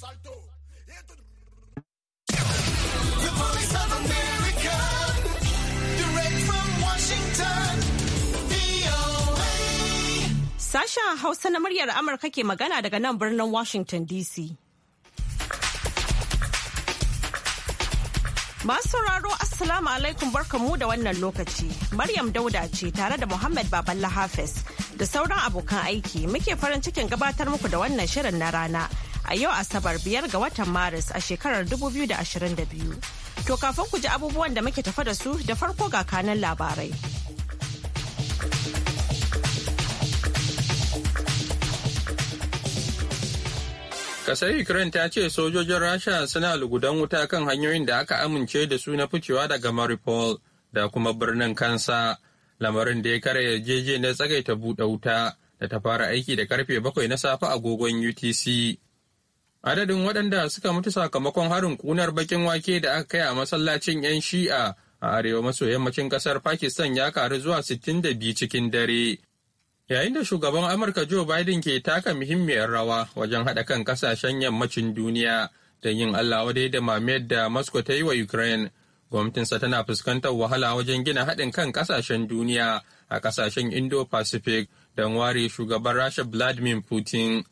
Sashen Hausa na muryar Amurka ke magana daga nan birnin Washington DC. Masu sauraro Assalamu alaikum barkanmu da wannan lokaci. Maryam Dauda ce tare da Muhammad Baballa Hafiz da sauran abokan aiki muke farin cikin gabatar muku da wannan shirin na rana. a yau Asabar biyar ga watan Maris a shekarar 2022. To kafin ku ji abubuwan da muke tafa da su da farko ga kanan labarai. Kasar Ukraine ta ce sojojin Rasha suna lugudan wuta kan hanyoyin da aka amince da su na ficewa daga maripol da kuma birnin kansa, lamarin da ya kare yarjejeniyar tsagaita buɗe wuta da ta fara aiki da karfe bakwai na safe agogon UTC. Adadin waɗanda suka mutu sakamakon harin kunar bakin wake da aka kai a masallacin 'yan shi'a a arewa maso yammacin ƙasar Pakistan ya karu zuwa 62 cikin dare. Yayin da shugaban Amurka Joe Biden ke taka muhimmiyar rawa wajen haɗa kan ƙasashen yammacin duniya don yin Allah wadai da mamayar da Moscow ta yi wa Ukraine, gwamnatinsa tana fuskantar wahala wajen gina haɗin kan ƙasashen duniya a ƙasashen Indo-Pacific don ware shugaban Rasha Vladimir Putin.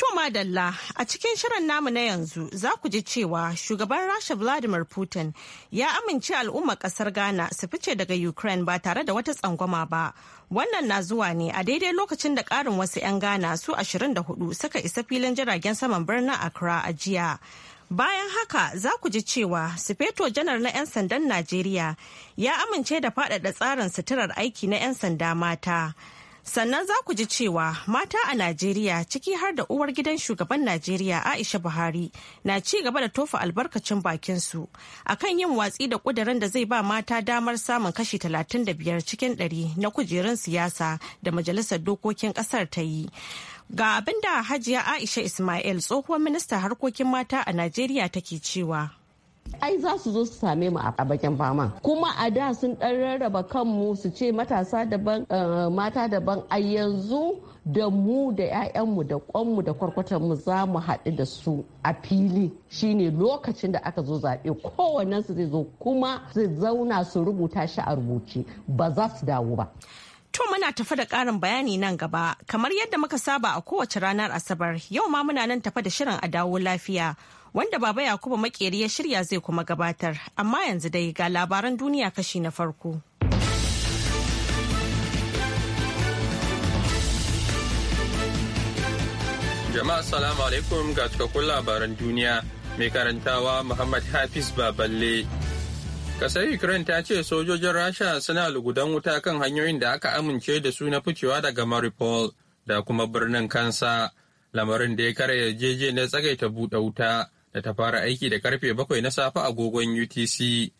To madalla a cikin shirin namu na yanzu za ku ji cewa shugaban Rasha Vladimir Putin ya amince al'ummar kasar Ghana su fice daga Ukraine ba tare da wata tsangwama ba. Wannan na zuwa ne a daidai lokacin da ƙarin wasu 'yan Ghana su 24 suka isa filin jiragen saman birnin Accra a jiya. Bayan haka za ku ji cewa Sufeto janar na 'yan sandan Najeriya ya amince da faɗaɗa tsarin suturar aiki na 'yan sanda mata. sannan za ku ji cewa mata a najeriya ciki har da uwar gidan shugaban najeriya aisha buhari na ci gaba da tofa albarkacin bakinsu akan yin watsi da kudirin da zai ba mata damar samun kashi 35 cikin 100 na kujerun siyasa da majalisar dokokin kasar ta yi ga abin da hajiya aisha ismail tsohuwar ministan harkokin mata a najeriya take cewa ai za su zo su same mu a bakin fama kuma a da sun dan rarraba kanmu su ce matasa daban eh, mata daban a yanzu da mu da 'ya'yanmu da kwanmu da kwarkwatanmu za mu haɗu da su a fili shine lokacin da aka zo zaɓe kowannensu zai zo kuma zai zauna su rubuta shi a rubuce ba za su dawo ba To muna tafa da ƙarin bayani nan gaba, kamar yadda muka saba a kowace ranar Asabar, yau ma muna nan tafa da shirin a dawo lafiya. wanda baba yakubu makeri ya shirya zai kuma gabatar amma yanzu dai ga labaran duniya kashi na farko jama'a salamu alaikum ga cikakkun labaran duniya mai karantawa muhammad hafiz baballe kasar ukraine ta ce sojojin rasha suna lugudan wuta kan hanyoyin da aka amince da su na ficewa daga maripol da kuma birnin kansa lamarin da ya kare yarjejeniyar tsagaita buɗe wuta da ta fara aiki da karfe bakwai na safe agogon UTC.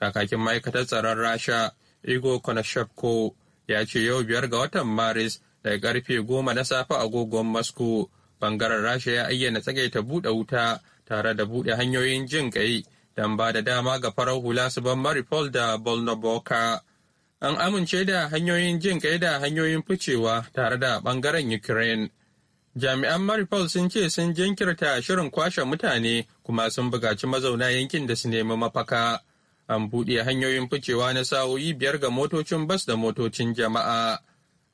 Kakakin ma'aikatar tsaron Rasha, Igor Konashevko, ya ce yau biyar ga watan Maris daga karfe goma na safe agogon Moscow, bangaren Rasha ya ayyana tsagaita buɗe wuta tare da buɗe hanyoyin jin kai don ba da dama ga farar hula su ban Maripol da Bolnoboka. An amince da hanyoyin jin kai da hanyoyin ficewa tare da bangaren Ukraine. Jami'an Maripol sun ce sun jinkirta shirin kwashe mutane kuma sun bugaci mazauna yankin da su nemi mafaka. An buɗe hanyoyin ficewa na sa'o'i biyar ga motocin bas da motocin jama'a.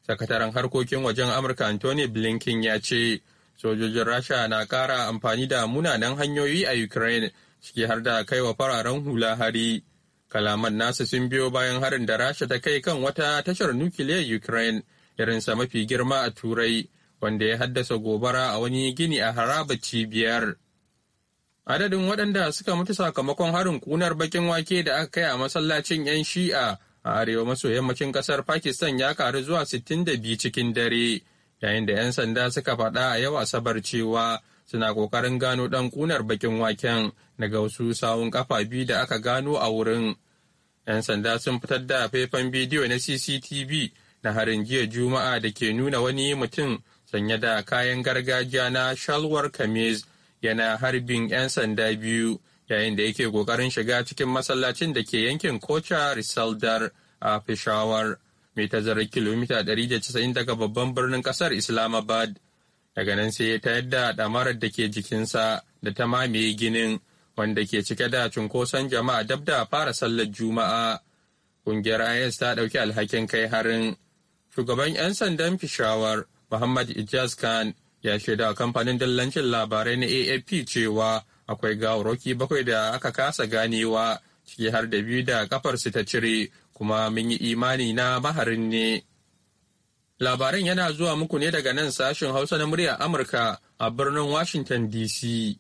Sakataren harkokin wajen Amurka Anthony Blinken ya ce, sojojin Rasha na ƙara amfani da munanan hanyoyi a Ukraine, ciki har da kai wa fararen hula hari. Kalaman nasu sun biyo bayan harin da Rasha ta kai kan wata tashar nukiliyar Ukraine, irinsa mafi girma a Turai. wanda ya haddasa gobara a wani gini a haraba cibiyar. Adadin waɗanda suka mutu sakamakon harin kunar bakin wake da aka kai a masallacin 'yan shi'a a arewa maso yammacin ƙasar Pakistan ya karu zuwa 62 cikin dare, yayin da 'yan sanda suka faɗa a yau Asabar cewa suna ƙoƙarin gano ɗan kunar bakin waken daga wasu sawun kafa biyu da aka gano a wurin. 'Yan sanda sun fitar da faifan bidiyo na CCTV na harin jiya Juma'a da ke nuna wani mutum sanye da kayan gargajiya na shalwar kamis yana harbin 'yan sanda biyu yayin da yake kokarin shiga cikin masallacin da ke yankin kocha risaldar a peshawar mai tazarar kilomita 190 daga babban birnin kasar islamabad daga nan sai ya yadda da damarar da ke jikinsa da ta mamaye ginin wanda ke cike da cunkoson jama'a dab da fara sallar juma'a ƙungiyar is ta ɗauki alhakin kai harin shugaban 'yan sandan fishawar. Muhammad Ijaz Khan ya shaida kamfanin dallancin labarai na AFP cewa akwai gawarwaki bakwai da aka kasa ganewa ciki har da biyu da kafar su ta cire kuma mun yi imani na maharin ne. Labaran yana zuwa muku ne daga nan sashen Hausa na murya Amurka a birnin Washington DC.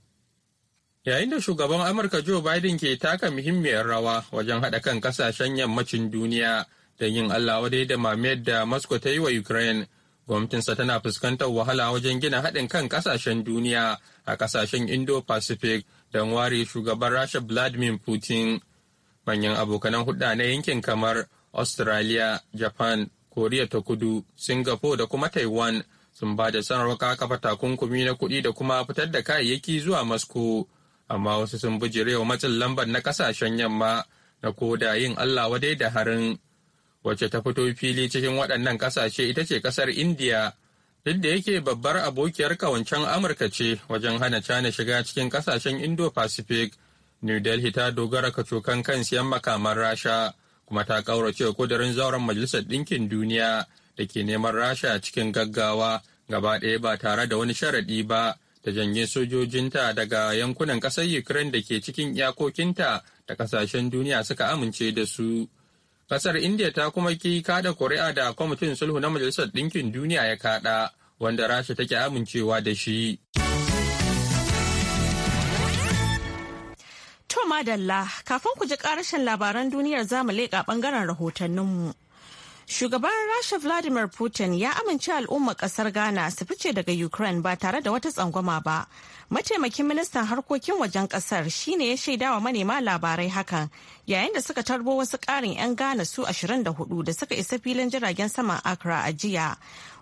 Yayin da shugaban Amurka Joe Biden ke taka muhimmiyar rawa wajen haɗa kan kasashen yammacin duniya da yin Allah wadai da mamayar da Moscow ta yi wa Ukraine Gwamnatinsa tana fuskantar wahala wajen gina haɗin kan ƙasashen duniya a ƙasashen Indo-Pacific don ware shugaban Rasha Vladimir Putin. Manyan abokanan hudda na yankin kamar Australia, Japan, korea ta Kudu, Singapore da kuma Taiwan sun ba da sanarwar kafa takunkumi na kuɗi da kuma fitar da kayayyaki zuwa Moscow. Amma wasu sun bijirewa matsin lambar na ƙasashen yamma na koda yin Allah wadai da harin. wacce ta fito fili cikin waɗannan ƙasashe ita ce ƙasar indiya duk da yake babbar abokiyar kawancen amurka ce wajen hana china shiga cikin ƙasashen indo-pacific new delhi ta dogara kacokan kan siyan makaman rasha kuma ta ƙaurace kudurin zauren majalisar ɗinkin duniya da ke neman rasha cikin gaggawa gaba ɗaya ba tare da wani sharaɗi ba ta janye sojojinta daga yankunan ƙasar ukraine da ke cikin iyakokinta da ƙasashen duniya suka amince da su. Kasar India ta kuma ki kada kuri'a da kwamitin sulhu na Majalisar Ɗinkin Duniya ya kada wanda Rasha take amincewa da shi. To madalla kafin ku ji karashin labaran duniyar zamu leƙa ɓangaren rahotanninmu. Shugaban Rasha Vladimir Putin ya amince al'ummar kasar Ghana su fice daga Ukraine ba tare da wata tsangwama ba. Mataimakin ministan harkokin wajen kasar shine ya shaidawa manema labarai hakan yayin da suka tarbo wasu ƙarin 'yan Ghana su 24 da suka isa filin jiragen saman Accra a jiya.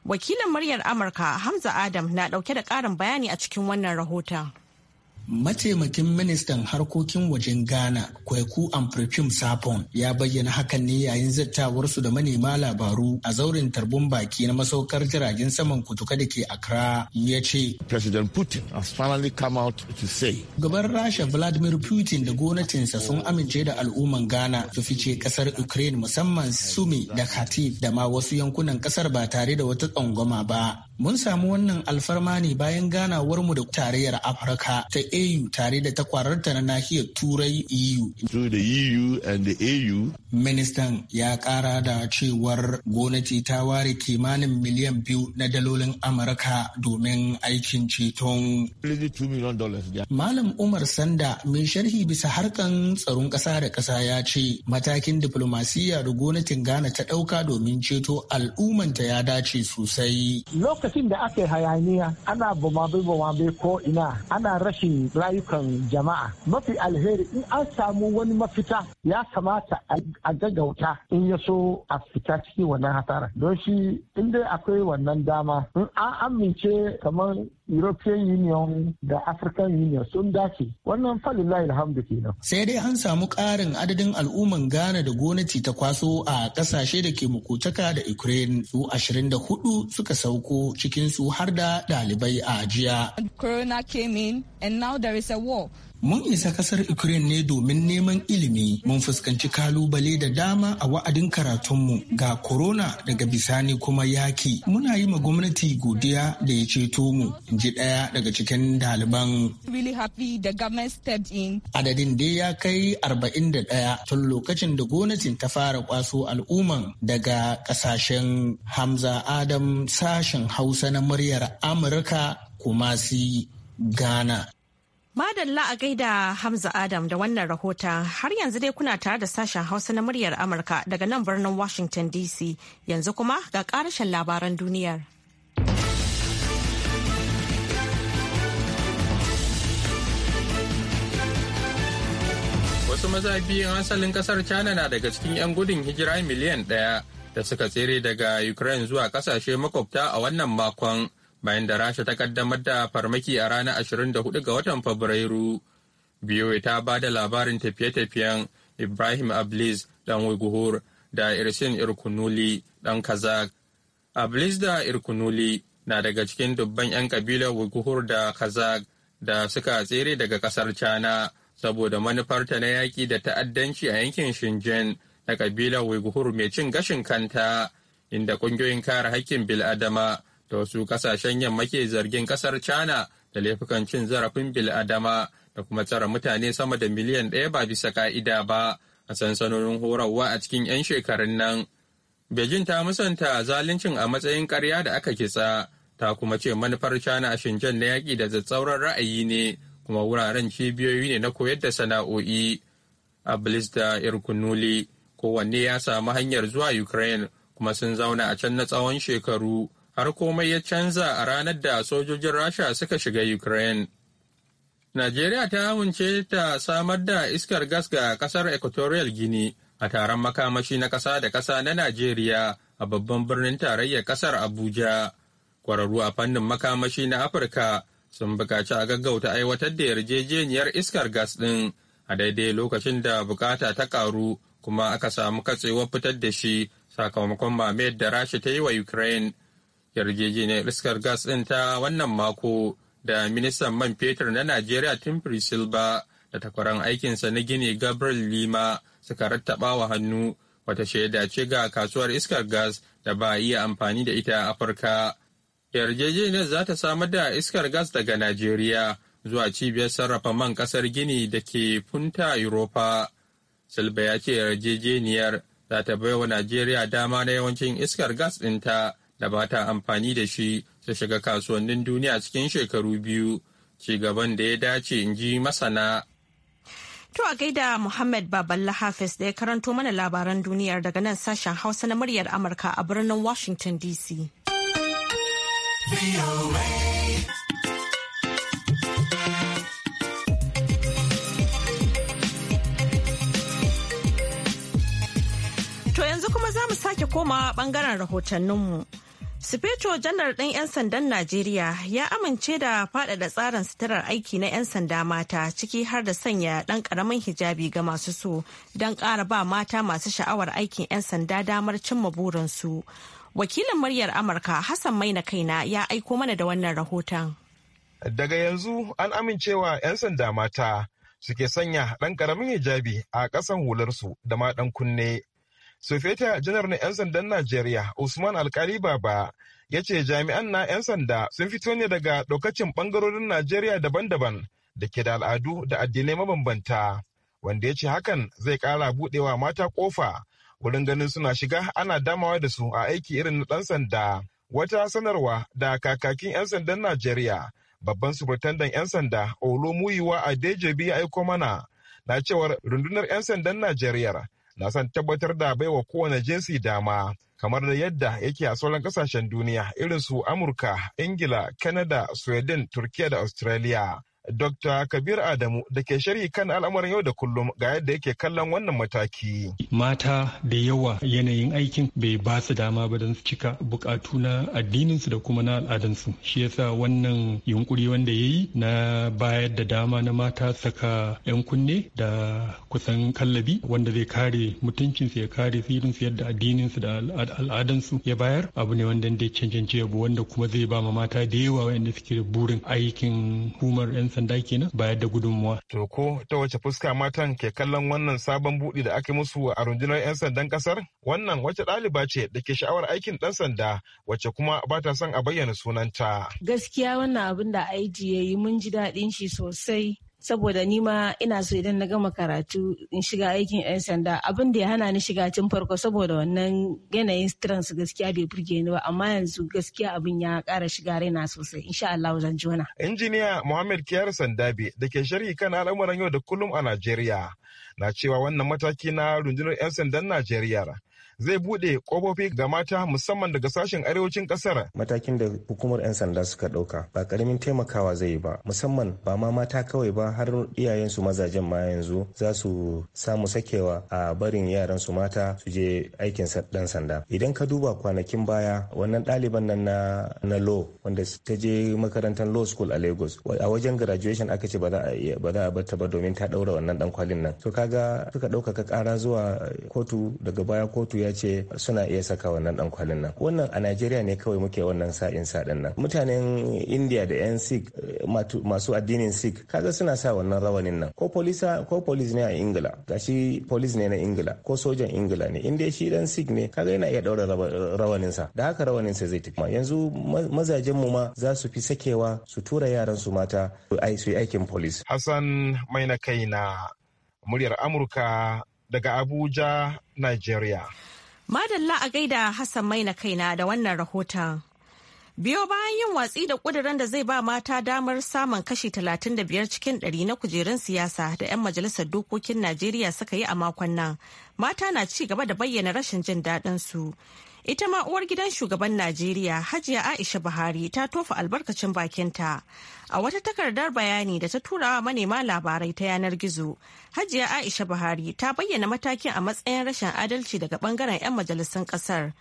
Wakilin muryar Amurka Hamza Adam na ɗauke da ƙarin bayani a cikin wannan rahoton. Mataimakin ministan harkokin wajen Ghana, Kweku Amprepim Sapon, ya bayyana hakan ne yayin zattawarsu da manema labaru a zauren tarbun baki na masaukar jiragen saman kutuka da ke Accra ya ce. President Putin has finally come out to say. Gaban Rasha Vladimir Putin da gwamnatinsa sun amince da al'umman Ghana su fice kasar Ukraine musamman Sumi da Kharkiv da ma wasu yankunan kasar ba tare da wata tsangwama ba. Mun samu wannan alfarma ne bayan mu da tarayyar Afirka ta AU tare da takwararta na nahiyar Turai EU. Through the EU and the AU. Ministan ya kara da cewar gwamnati ta ware kimanin miliyan biyu na dalolin Amurka domin aikin ceton. Malam Umar Sanda mai sharhi bisa harkan tsaron ƙasa da ƙasa ya ce matakin diflomasiyya da gwamnatin Ghana ta ɗauka domin ceto al'ummanta ya dace sosai. lokacin da aka yi hayaniya ana bumabe bumabe ko ina ana rashin rayukan jama'a mafi alheri in an samu wani mafita ya kamata a gaggauta in ya so a fita cikin wannan hasara don shi in dai akwai wannan dama in an amince kamar european union da african union sun dace wannan falillahi alhamdu kenan sai dai an samu ƙarin adadin al'umman ghana da gwamnati ta kwaso a ƙasashe da ke mukutaka da ukraine su 24 suka sauko cikin su har da ɗalibai a jiya corona came in and now there is a war Mun isa kasar Ukraine ne domin neman ilimi, mun fuskanci kalubale da dama a wa'adin karatunmu ga corona daga bisani kuma yaki. Muna yi ma gwamnati godiya da ya ceto mu, in ji ɗaya daga cikin ɗaliban. Adadin dai ya kai arba'in da 41 tun lokacin da gwamnatin ta fara kwaso al'umman daga ƙasashen Hamza Adam sashen Hausa na muryar Amurka kuma si Ghana. Madalla a gaida Hamza Adam da wannan rahoton har yanzu dai kuna tare da sashen Hausa na muryar Amurka daga nan birnin Washington DC yanzu kuma ga karashen labaran duniyar. Wasu maza biyun asalin kasar China na daga cikin 'yan gudun hijira miliyan ɗaya da suka tsere daga Ukraine zuwa kasashe makwabta a wannan makon. bayan da rasha ta kaddamar da farmaki a ranar 24 ga watan fabrairu biyoyi ta ba da labarin tafiye-tafiyen ibrahim ablis dan wiguhur da irsin irkunuli dan kazak ablis da irkunuli na daga cikin dubban 'yan kabilar wiguhur da kazak da suka tsere daga kasar cana saboda manufarta na yaƙi da ta'addanci a yankin shinjin na kabilar wiguhur mai cin gashin kanta inda ƙungiyoyin kare haƙƙin bil'adama da wasu kasashen yamma ke zargin kasar china da laifukan cin zarafin bil'adama da kuma tsare mutane sama da miliyan ɗaya ba bisa ka'ida ba a sansanonin horarwa a cikin 'yan shekarun nan beijing ta musanta zaluncin a matsayin karya da aka kitsa ta kuma ce manufar china a shinjan na yaƙi da zazzauran ra'ayi ne kuma wuraren cibiyoyi ne na koyar da sana'o'i a da irkunuli kowanne ya samu hanyar zuwa ukraine kuma sun zauna a can na tsawon shekaru har komai ya canza a ranar da sojojin Rasha suka shiga Ukraine. Najeriya ta amince ta samar da iskar gas ga kasar Equatorial gini a taron makamashi na kasa da kasa na Najeriya a babban birnin tarayyar ƙasar Abuja. Kwararru a fannin makamashi na Afirka sun bukaci a gaggauta aiwatar da yarjejeniyar iskar gas ɗin a daidai lokacin da bukata ta ƙaru kuma aka samu katsewar fitar da shi sakamakon mamayar da Rasha ta yi wa Ukraine. yarjejeniyar iskar gas ɗin ta wannan mako da ministan man fetur na najeriya timfri silba da takwaran aikinsa na gini gabriel lima suka rattaba wa hannu wata shaida ce ga kasuwar iskar gas da ba iya amfani da ita a afirka yarjejeniyar za ta samar da iskar gas daga najeriya zuwa cibiyar sarrafa man kasar gini da ke punta europa silba ya ce yarjejeniyar za ta wa najeriya dama na yawancin iskar gas ɗinta da ba ta amfani da shi ta shiga kasuwannin duniya cikin shekaru biyu ci gaban da ya dace in ji masana. To a gaida Muhammad Baballa Hafiz da ya karanto mana labaran duniyar daga nan sashen Hausa na muryar Amurka a birnin Washington DC. To yanzu kuma za mu sake koma bangaren rahotanninmu. Sufeto janar ɗan 'yan sandan Najeriya ya amince da faɗaɗa tsarin sitarar aiki na 'yan sanda mata ciki har da sanya ɗan ƙaramin hijabi ga masu so don ƙara ba mata masu sha'awar aikin 'yan sanda damar cimma burinsu. Wakilin muryar Amurka Hassan mai na Kaina ya aiko mana da wannan rahoton. Daga yanzu an amincewa 'yan sanda mata suke sanya ɗan ƙaramin hijabi a ƙasan hularsu da ma ɗan kunne Sufeta janar na 'yan sandan Najeriya Usman Alkali Baba ya ce jami'an na 'yan sanda sun fito ne daga ɗaukacin ɓangarorin Najeriya daban-daban da ke da al'adu da addinai mabambanta. Wanda ya ce hakan zai ƙara buɗewa mata ƙofa wurin ganin suna shiga ana damawa da su a aiki irin na ɗan sanda. Wata sanarwa da kakakin 'yan sandan Najeriya babban subartandan 'yan sanda Olomuyiwa Adejebi ya aiko mana na cewar rundunar 'yan sandan Najeriya na son tabbatar da baiwa kowane jinsi dama kamar da yadda yake a sauran kasashen duniya irin su amurka ingila kanada sweden turkiya da australia Dr. Kabir Adamu da ke sharhi kan al'amuran yau da kullum ga yadda yake kallon wannan mataki. Mata da yawa yanayin aikin bai ba su dama ba don su cika bukatu na addininsu da kuma na al'adansu. Shi yasa wannan yunkuri wanda ya yi na bayar da dama na mata saka 'yan kunne da kusan kallabi wanda zai kare mutuncinsu ya kare firinsu yadda addininsu da al'adansu ya bayar abu ne wanda ya cancanci yabo wanda kuma zai ba ma mata da yawa wanda suke burin aikin hukumar 'yan sanda kenan bayar da gudunmuwa. To ko ta wace fuska matan ke kallon wannan sabon buɗe da aka musu a rundunar 'yan sandan ƙasar? Wannan wace ɗaliba ce da ke sha'awar aikin ɗan sanda wace kuma ba ta son a bayyana sunanta. Gaskiya wannan abin da IG ya yi mun ji daɗin shi sosai saboda ni ma ina so idan na gama karatu in shiga aikin 'yan sanda abin da ya hana ni shiga tun farko saboda wannan yanayin strans gaskiya bai burge ni ba amma yanzu gaskiya abin ya kara shiga raina sosai insha Allah zan jona. Injiniya Muhammad Kiyar Sandabe da ke sharhi kan al'amuran yau da kullum a Najeriya na cewa wannan mataki na rundunar 'yan sandan Najeriya zai bude kofofi ga mata musamman daga sashen arewacin kasar. Matakin da hukumar 'yan sanda suka ɗauka ba karamin taimakawa zai yi ba musamman ba ma mata kawai ba har iyayen su mazajen ma yanzu za su samu sakewa a barin yaran su mata su je aikin dan sanda. Idan ka duba kwanakin baya wannan ɗaliban nan na na law wanda ta je makarantar law school a Lagos a wajen graduation aka ce ba za a bar ta ba domin ta ɗaura wannan dan kwalin nan. To kaga suka ɗaukaka kara zuwa kotu daga baya kotu ya ya ce suna iya saka wannan dan kwalin nan wannan a Najeriya ne kawai muke wannan sa'in sa din nan mutanen India da yan Sikh masu addinin Sikh kaga suna sa wannan rawanin nan ko polisa ko police ne a Ingila gashi police ne na Ingila ko sojan Ingila ne inda shi dan Sikh ne kaga yana iya daura rawanin sa da haka rawanin sa zai tafi yanzu mazajen mu ma za su fi sakewa su tura yaran su mata su yi aikin police Hassan mai na kai na muryar Amurka daga Abuja, Nigeria. Madalla a gaida Hassan mai Maina kaina da wannan rahoton. Biyo bayan yin watsi da kuduran da zai ba mata damar samun kashi 35 cikin 100 na kujerun siyasa da 'yan majalisar dokokin Najeriya suka yi a makon nan, mata na ci gaba da bayyana rashin jin daɗin Ita ma uwar gidan shugaban Najeriya Hajiya Aisha Buhari ta tofa albarkacin bakinta. A wata takardar bayani da ta tura wa manema labarai ta yanar gizo, Hajiya Aisha Buhari ta bayyana matakin a matsayin rashin adalci daga bangaren 'yan majalisun kasar.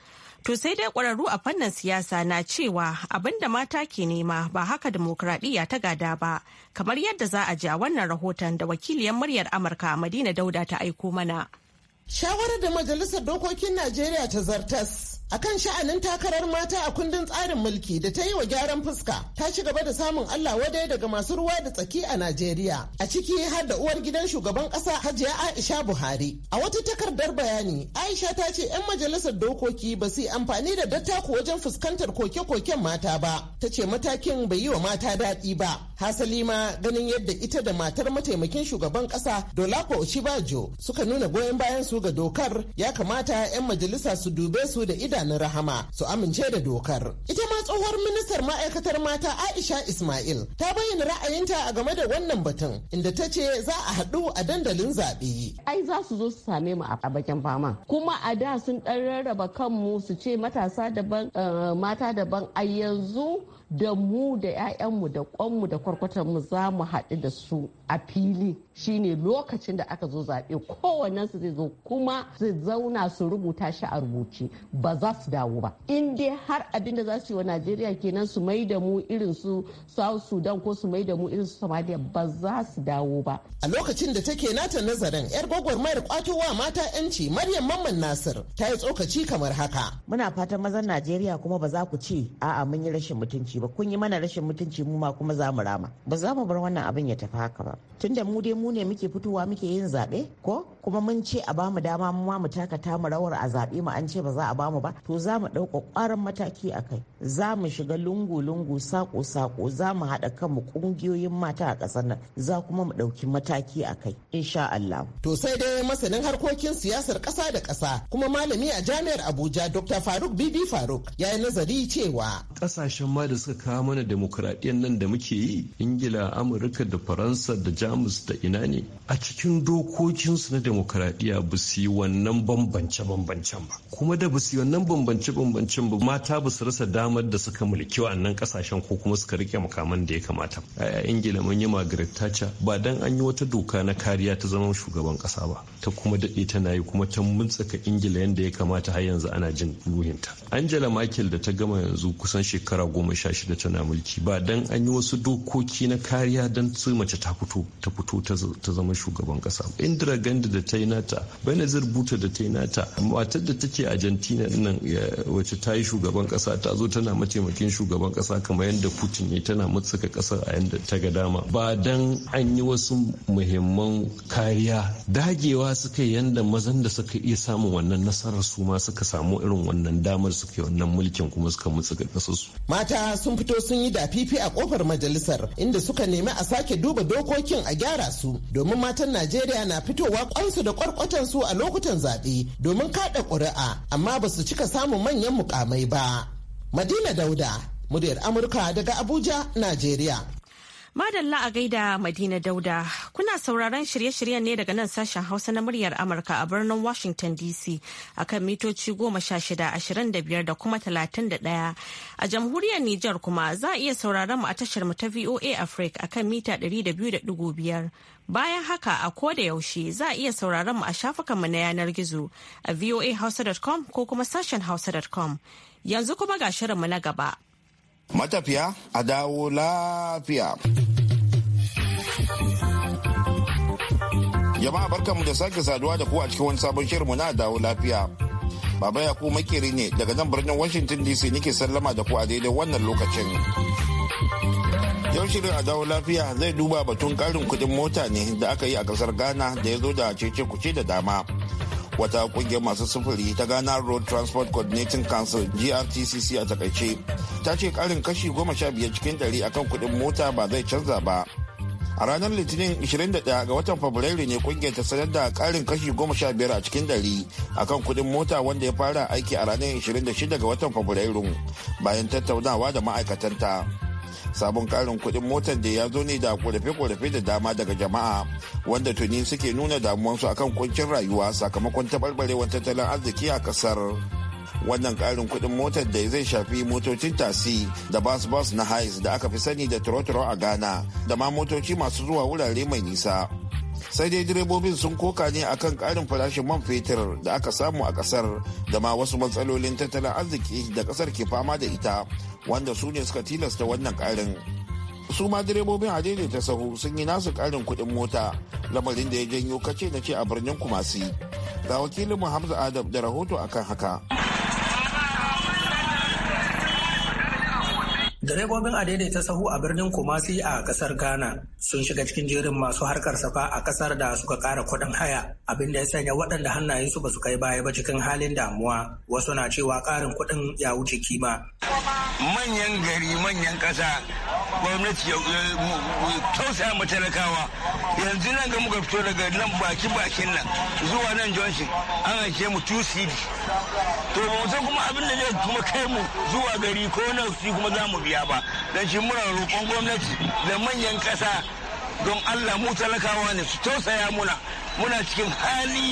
To sai dai ƙwararru a fannin siyasa na cewa abinda mata ke nema ba haka demokradiyya ta gada ba, kamar yadda za a ji a wannan rahoton da wakiliyar muryar Amurka Madina Dauda ta aiko mana. Shawarar da Majalisar Dokokin Najeriya ta zartas akan sha'anin takarar mata a kundin tsarin mulki da ta yi wa gyaran fuska ta ci gaba da samun Allah wadai daga masu ruwa da tsaki a Najeriya a ciki har da uwar gidan shugaban kasa Hajiya Aisha Buhari a wata takardar bayani Aisha ta ce 'yan majalisar dokoki ba su yi amfani da dattako wajen fuskantar koke-koken mata ba ta ce matakin bai yi wa mata daɗi ba hasali ma ganin yadda ita da matar mataimakin shugaban kasa Dolapo Oshibajo suka nuna goyon bayan su ga dokar ya kamata 'yan majalisa su dube su da ida Fulani Rahama su amince da dokar. Ita ma tsohuwar ministar ma'aikatar mata Aisha Ismail ta bayyana ra'ayinta a game da wannan batun inda ta ce za a haɗu a dandalin zaɓe. Ai za su zo su same mu a bakin fama. Kuma a da sun ɗan rarraba kanmu su ce matasa daban eh, mata daban a yanzu da mu da 'ya'yanmu da kwanmu da kwarkwatanmu za mu haɗu da su a fili shine lokacin da aka zo zaɓe kowannensu zai zo kuma su zauna su rubuta shi a rubuce ba za za su dawo ba in dai har abin da za su yi wa najeriya kenan su mai da mu irin su south sudan ko su mai da mu irin su somalia ba za su dawo ba a lokacin da take nata nazarin yar gwagwarmayar kwatowa mata yanci maryam mamman nasir ta yi tsokaci kamar haka muna fatan mazan najeriya kuma ba za ku ce a'a mun yi rashin mutunci ba kun yi mana rashin mutunci mu ma kuma za mu rama ba za mu bar wannan abin ya tafi haka ba tunda mu dai mu ne muke fitowa muke yin zaɓe ko kuma mun ce a bamu dama mu ma mu takata mu rawar a zaɓe mu an ce ba za a bamu ba to za mu ɗauka ƙwarin mataki a kai za mu shiga lungu-lungu sako-sako za mu haɗa kanmu ƙungiyoyin mata a ƙasar nan za kuma mu ɗauki mataki a kai insha Allah. To sai dai masanin harkokin siyasar ƙasa da ƙasa kuma malami a jami'ar Abuja Dr. Faruk Bibi Faruk ya yi nazari cewa. Ƙasashen ma da suka kawo mana demokuraɗiyyar nan da muke yi Ingila, Amurka da Faransa da Jamus da ina ne a cikin dokokinsu na demokuraɗiyya ba su yi wannan bambance-bambancen ba. Kuma da ba su yi wannan bambance-bambancen ba mata ba su rasa damar da suka mulki wa'annan kasashen ko kuma suka rike makaman da ya kamata a ingila mun yi margaret thatcher ba dan an yi wata doka na kariya ta zaman shugaban kasa ba ta kuma daɗe tana yi kuma ta muntsaka ingila yadda ya kamata har yanzu ana jin ruhinta angela merkel da ta gama yanzu kusan shekara goma sha shida tana mulki ba dan an yi wasu dokoki na kariya dan su mace ta fito ta fito ta zama shugaban kasa indira gandhi da ta yi nata benazir buta da ta yi nata matar da take argentina nan wacce ta yi shugaban kasa ta zo ta tana mataimakin shugaban kasa kamar yadda putin ya tana matsaka kasar a yadda ta ga dama ba dan an yi wasu muhimman kariya dagewa suka yi yadda mazan da suka iya samun wannan nasarar su ma suka samu irin wannan damar suka yi wannan mulkin kuma suka matsaka kasar su mata sun fito sun yi dafifi a kofar majalisar inda suka nemi a sake duba dokokin a gyara su domin matan najeriya na fitowa kwansu da kwarkwatan su a lokutan zaɓe domin kada ƙuri'a amma ba su cika samun manyan mukamai ba Madina Dauda, muryar Amurka daga Abuja, Najeriya. Madalla a gaida Madina Dauda, kuna sauraron shirye-shiryen ne daga nan sashen Hausa na muryar Amurka a birnin Washington DC a kan mitoci goma sha shida ashirin da biyar da kuma talatin da ɗaya. A jamhuriyar Nijar kuma za a iya sauraron mu a tashar mu ta VOA Africa a kan mita ɗari da biyu da biyar. Bayan haka a ko da yaushe za a iya sauraron mu a shafukanmu na yanar gizo a voahausa.com ko kuma sashen hausa.com. Yanzu kuma ga shirinmu na gaba. Matafiya a dawo lafiya. Jama'a barkanmu da sake saduwa da ku a cikin wani sabon shirinmu na dawo lafiya. Baba ya ku makeri ne daga nan birnin Washington DC nake sallama da ku a daidai wannan lokacin. Yau shirin a dawo lafiya zai duba batun karin kudin mota ne da aka yi a kasar Ghana da ya zo da cece kuce da dama. wata kungiyar masu sufuri ta ghana road transport coordinating council grtcc a takaice ta ce karin kashi goma sha biyar cikin ɗari akan kuɗin mota ba zai canza ba a ranar litinin 21 ga watan fabrairu ne kungiyar ta sanar da karin kashi 15 a cikin dari akan kudin mota wanda ya fara aiki a ranar 26 ga watan fabrairu bayan tattaunawa da ma'aikatanta. sabon karin kuɗin motar da ya zo ne da korafe-korafe da dama daga jama'a wanda tuni suke nuna damuwansu akan kuncin rayuwa sakamakon taɓarɓarewar tattalin arziki a ƙasar wannan ƙarin kuɗin motar da zai shafi motocin tasi da bas bas na hais da aka fi sani da turo-turo a ghana da ma motoci masu zuwa wurare mai nisa sai dai direbobin sun koka ne akan ƙarin farashin man fetur da aka samu a ƙasar da ma wasu matsalolin tattalin arziki da ƙasar ke fama da ita wanda su ne suka tilasta wannan karin su ma direbobin a ta sahu sun yi nasu karin kuɗin mota lamarin da ya janyo kace na ce a birnin kumasi ga wakilin hamza adam da rahoto akan haka Direbobin a daidaita sahu a birnin Kumasi a kasar Ghana sun shiga cikin jerin masu harkar safa a kasar da suka kara kuɗin haya abin da ya sanya waɗanda hannayensu ba su kai baya ba cikin halin damuwa wasu na cewa ƙarin kuɗin ya wuce kima. Manyan gari manyan ƙasa gwamnati ya tausaya mu talakawa yanzu nan ga muka fito daga nan baki bakin nan zuwa nan Johnson an ake mu 2 cd to mu kuma abin da zai kuma kai mu zuwa gari ko nan kuma za mu biya. gaskiya ba don shi muna roƙon gwamnati da manyan ƙasa don allah mu talakawa ne su tausaya muna muna cikin hali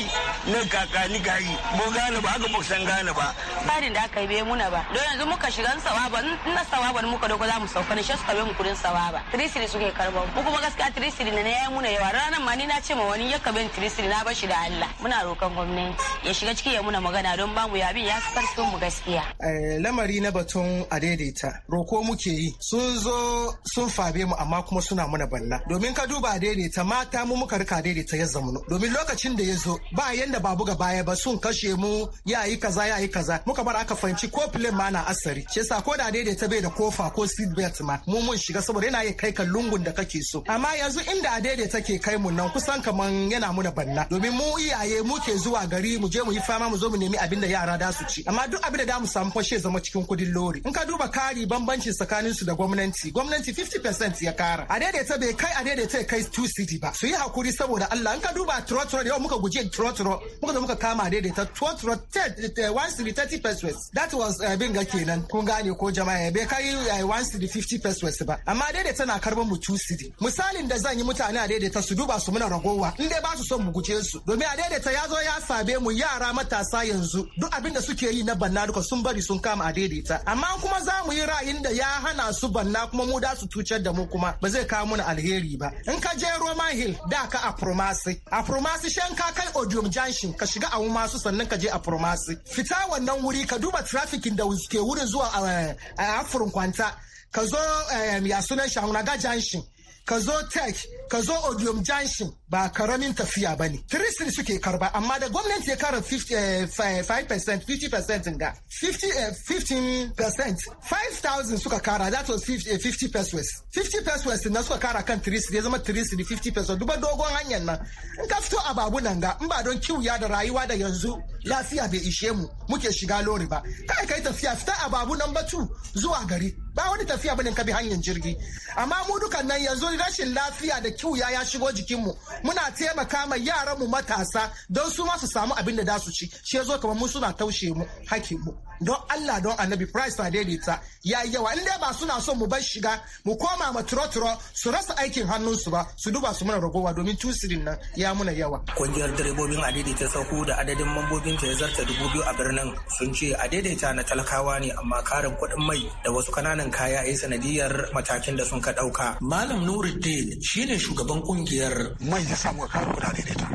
na kakani gari mu gane ba aka san gane ba tsarin da aka yi bai muna ba don yanzu muka shiga sawaba na sawaba muka doko za mu sauka ne shi suka bai mu kudin sawaba tirisiri suke karba mu kuma gaskiya tirisiri ne ya muna yawa ranar ma ni na ce ma wani ya kaben tirisiri na bashi da Allah muna rokan gwamnati ya shiga ciki ya muna magana don ba mu yabin ya karfin mu gaskiya eh, lamari na batun a daidaita roko muke yi sun zo sun fabe mu amma kuma suna muna banna domin ka duba a daidaita mata mu muka rika daidaita ya zamanu domin lokacin da ya zo ba yanda ba buga baya ba sun kashe mu ya yi kaza ya yi kaza muka bar aka fanci ko filin ma na asari shi yasa ko da daidaita bai da kofa ko seat belt ma mu mun shiga saboda yana iya kai ka lungun da kake so amma yanzu inda a daidaita ke kai mu nan kusan kaman yana muna banna domin mu iyaye mu ke zuwa gari mu je mu yi fama mu zo mu nemi abin da yara da su ci amma duk abin da da mu samu fashe zama cikin kudin lori in ka duba kari bambanci tsakanin su da gwamnati gwamnati 50% ya kara a daidaita bai kai a daidaita kai 2 city ba su yi hakuri saboda Allah in ka duba turo da yau muka guji turo-turo muka zo muka kama daidaita turo-turo 130 eh, pesos that was eh, bin ga kenan kun gane ko jama'a bai kai 150 eh, pesos ba amma daidaita na karban mu 2 misalin da zan yi mutane a daidaita su duba su muna ragowa in dai ba su son mu guje su domin a daidaita ya zo ya sabe mu yara matasa yanzu duk abin da suke yi na banna duka sun bari sun kama a daidaita amma kuma za mu yi ra'ayin da ya hana su banna kuma mu da su tucar da mu kuma ba zai kawo mana alheri ba in ka je Roma Hill da ka a Promasi shan ka kai Odium Junction ka shiga a masu sannan ka je a Promasi. Fita wannan wuri ka duba trafikin da ke wurin zuwa eh, a afurin kwanta. Ka zo eh, ya sunan Shahunaga Junction. ka zo tech ka zo odium junction ba karamin tafiya ba ne tirisin suke karba amma da gwamnati ya kara 5% 50% eh, ga 15% 5000 eh, suka kara that was 50, eh, pesos 50 pesos na suka kara kan tirisin ya zama tirisin 50 pesos duba dogon hanyar nan in ka fito a babu nan ga in ba don kiwuya da rayuwa da yanzu lafiya bai ishe mu muke shiga lori ba kai kai tafiya fita a babu nan batu zuwa gari ba wani tafiya bane ka bi hanyar jirgi amma mu dukan nan yanzu rashin lafiya da kiwuya ya shigo jikinmu muna taimaka ma yaran mu matasa don su ma su samu abin da za su ci shi yazo kamar mu suna taushe mu hakkin mu don Allah don Annabi price ta daidaita ya yi yawa inda ba suna son mu bar shiga mu koma ma turo-turo su rasa aikin hannun su ba su duba su muna ragowa domin tusirin nan ya muna yawa kungiyar direbobin daidaita sauko da adadin mambobin ta ya zarta dubu biyu a birnin sun ce a adaidaita na talakawa ne amma karin kuɗin mai da wasu kananan ƙarin kaya a sanadiyar matakin da sun ka ɗauka. Malam Nuruddin shine shugaban ƙungiyar. Mai ya samu ƙarin kudade da ta.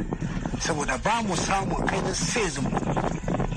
Saboda ba mu samun ainihin sezin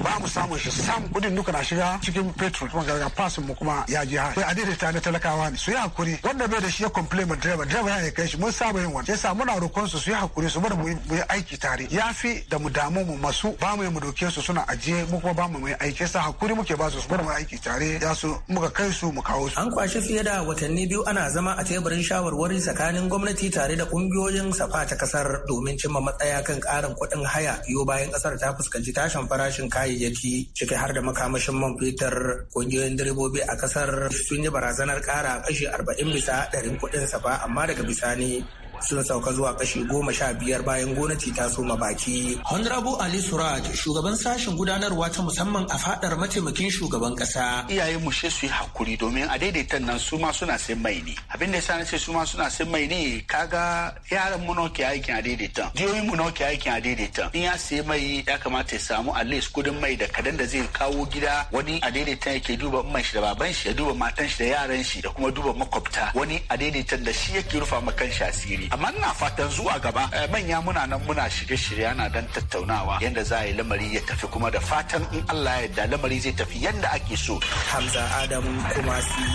ba mu samun shi sam kudin duka na shiga cikin petrol kuma ga fasin mu kuma ya je haya a ta na talakawa ne su yi hakuri wanda bai da shi ya complain ma direba direba ya kai shi mun saba yin wannan yasa muna roƙon su su yi hakuri su bar mu yi aiki tare ya fi da mu damu mu masu ba mu yi mu doke su suna ajiye mu kuma ba mu yi aiki yasa hakuri muke ba su su bar mu aiki tare ya su muka kai su mu kawo su an kwashi fiye da watanni biyu ana zama a teburin shawarwari tsakanin gwamnati tare da kungiyoyin safa ta kasar domin cimma matsaya kan karin kuɗin haya biyo bayan kasar ta fuskanci tashin farashin kayan kayayyaki cike har da makamashin man fetur ƙungiyoyin direbobi a kasar sun yi barazanar kara kashi arba'in bisa 100 kudin sa ba amma daga bisani sun sauka zuwa kashi goma sha biyar bayan gwamnati ta soma baki. Honorable Ali Suraj shugaban sashen gudanarwa ta musamman a fadar mataimakin shugaban kasa. Iyaye mu she su yi hakuri domin a daidaita nan su ma suna sai mai ne. Abin da ya yasa ce su ma suna sai mai ne kaga yaran mu ke aikin a daidaita. Diyoyin mu ke aikin a daidaita. In ya sai mai ya kamata ya samu at least kudin mai da kadan da zai kawo gida wani a daidaita yake duba mai shi da baban shi ya duba matan shi da yaran shi da kuma duba makwabta wani a daidaita da shi yake rufa ma kan shi asiri. amma ina fatan zuwa gaba eh, manya muna nan muna shirye-shirye ana dan tattaunawa yadda za a yi lamari ya tafi kuma da fatan in Allah ya yarda lamari zai tafi yadda ake so Hamza Adam kuma si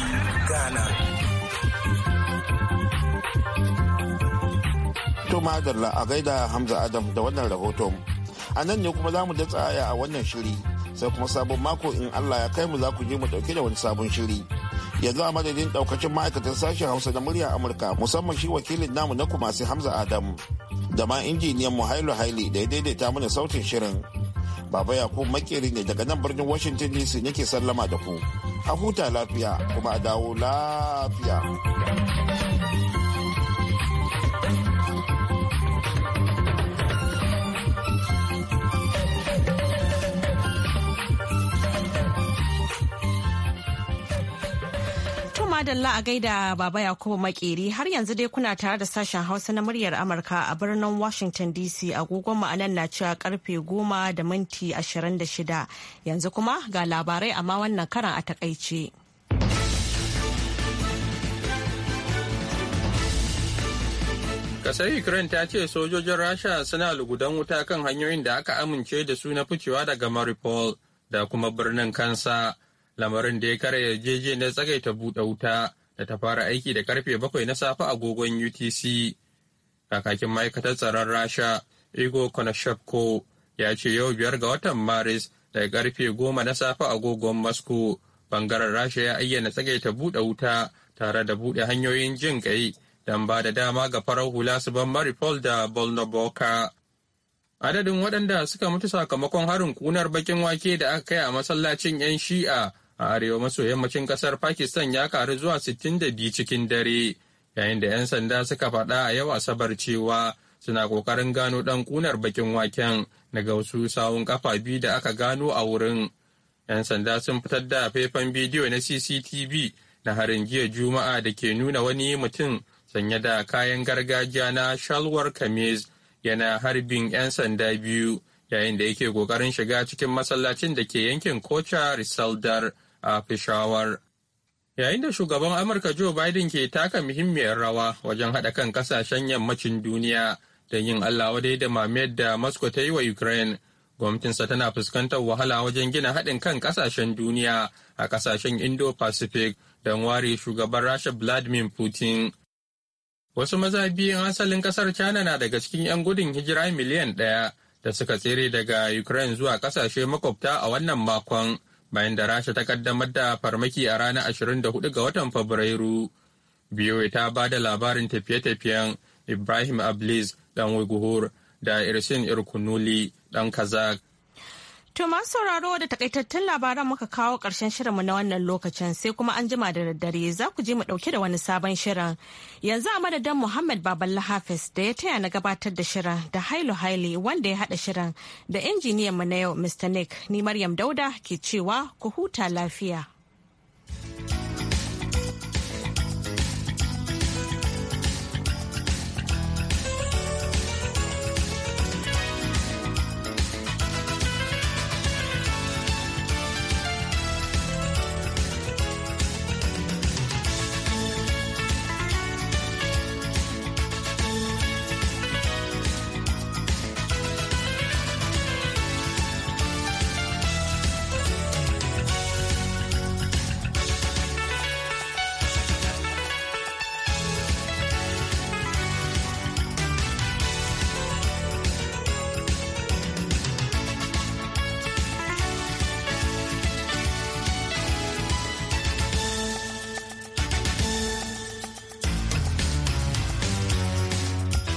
Ghana To madalla a gaida Hamza Adam da wannan rahoton. A nan ne kuma za mu da tsaya a wannan shiri sai kuma sabon mako in Allah ya kai mu za ku je mu dauke da wani sabon shiri. yanzu a madadin daukacin ma'aikatan sashen hausa da murya amurka musamman shi wakilin namu na kumasi hamza adam da ma injiniyan mu hailu haili da ya daidaita mana sautin shirin baba yakub makeri ne daga nan birnin washington dc nake sallama da ku a huta lafiya kuma a dawo lafiya madalla a gaida baba yakubu makeri har yanzu dai kuna tare da sashen hausa na muryar amurka a birnin washington dc agogon ma'anan na cewa karfe goma da minti 26 yanzu kuma ga labarai amma wannan karan a takaice kasar ukraine ta ce sojojin rasha suna lugudan wuta kan hanyoyin da aka amince da su na ficewa daga maripol da kuma birnin kansa lamarin da ya kare yarjejeniyar tsagaita buɗe wuta da ta fara aiki da karfe bakwai na safe a agogon utc kakakin ma'aikatar tsaron rasha igor konashevko ya ce yau biyar ga watan maris daga karfe goma na safe a agogon moscow bangaren rasha ya ayyana tsagaita buɗe wuta tare da buɗe hanyoyin jin kai don ba da dama ga farar hula su ban maripol da bolnoboka adadin waɗanda suka mutu sakamakon harin kunar bakin wake da aka kai a masallacin 'yan shi'a a arewa maso yammacin kasar Pakistan ya karu zuwa 62 cikin dare, yayin da 'yan sanda suka faɗa a yau Asabar cewa suna ƙoƙarin gano ɗan ƙunar bakin waken daga wasu sawun kafa biyu da aka gano a wurin. 'Yan sanda sun fitar da faifan bidiyo na CCTV na harin jiya Juma'a da ke nuna wani mutum sanye da kayan gargajiya na shalwar kamis yana harbin 'yan sanda biyu. yayin da yake kokarin shiga cikin masallacin da ke yankin kocha risaldar a Peshawar. Yayin da shugaban Amurka Joe Biden ke taka muhimmiyar rawa wajen haɗa kan ƙasashen yammacin duniya don yin Allah wadai da mamayar da Moscow ta yi wa Ukraine, gwamnatinsa tana fuskantar wahala wajen gina haɗin kan ƙasashen duniya a ƙasashen Indo-Pacific don ware shugaban Rasha Vladimir Putin. Wasu maza biyun asalin ƙasar China na daga cikin 'yan gudun hijira miliyan ɗaya da suka tsere daga Ukraine zuwa ƙasashe makwabta a wannan makon. bayan da rasha ta kaddamar da farmaki a ranar 24 ga watan fabrairu biyoyi ta ba da labarin tafiye-tafiyen ibrahim ablis ɗan wiguhur da irsin irkunuli ɗan kazak To masu sauraro da takaitattun labaran muka kawo ƙarshen shirinmu na wannan lokacin sai kuma an jima da daddare za ku je mu ɗauke da wani sabon shirin. Yanzu a madadin Muhammad Baballa Hafiz da ya taya na gabatar da shirin da Hailu Haile wanda ya haɗa shirin da injiniyan mu na yau Mr. Nick ni Maryam Dauda ke cewa ku huta lafiya.